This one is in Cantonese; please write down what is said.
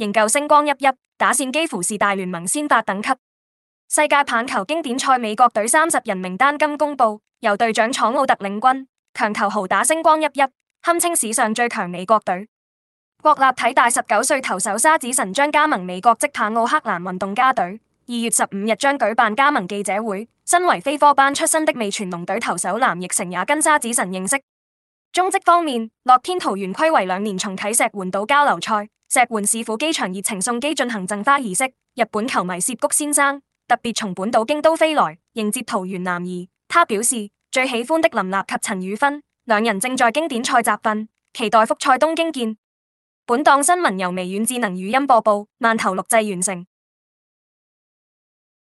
仍舊星光熠熠，打線幾乎是大聯盟先發等級。世界棒球經典賽美國隊三十人名單今公布，由隊長楚奧特領軍，強投豪打星光熠熠，堪稱史上最強美國隊。國立體大十九歲投手沙子神將加盟美國職棒奧克蘭運動家隊，二月十五日將舉辦加盟記者會。身為非科班出身的味全龍隊投手藍奕成也跟沙子神認識。中職方面，樂天桃園睽違兩年重啟石垣島交流賽，石垣市府機場熱情送機，進行贈花儀式。日本球迷涉谷先生特別從本島京都飛來迎接桃園男兒，他表示最喜歡的林立及陳宇芬，兩人正在經典賽集訓，期待複賽東京見。本檔新聞由微軟智能語音播報，慢投錄製完成。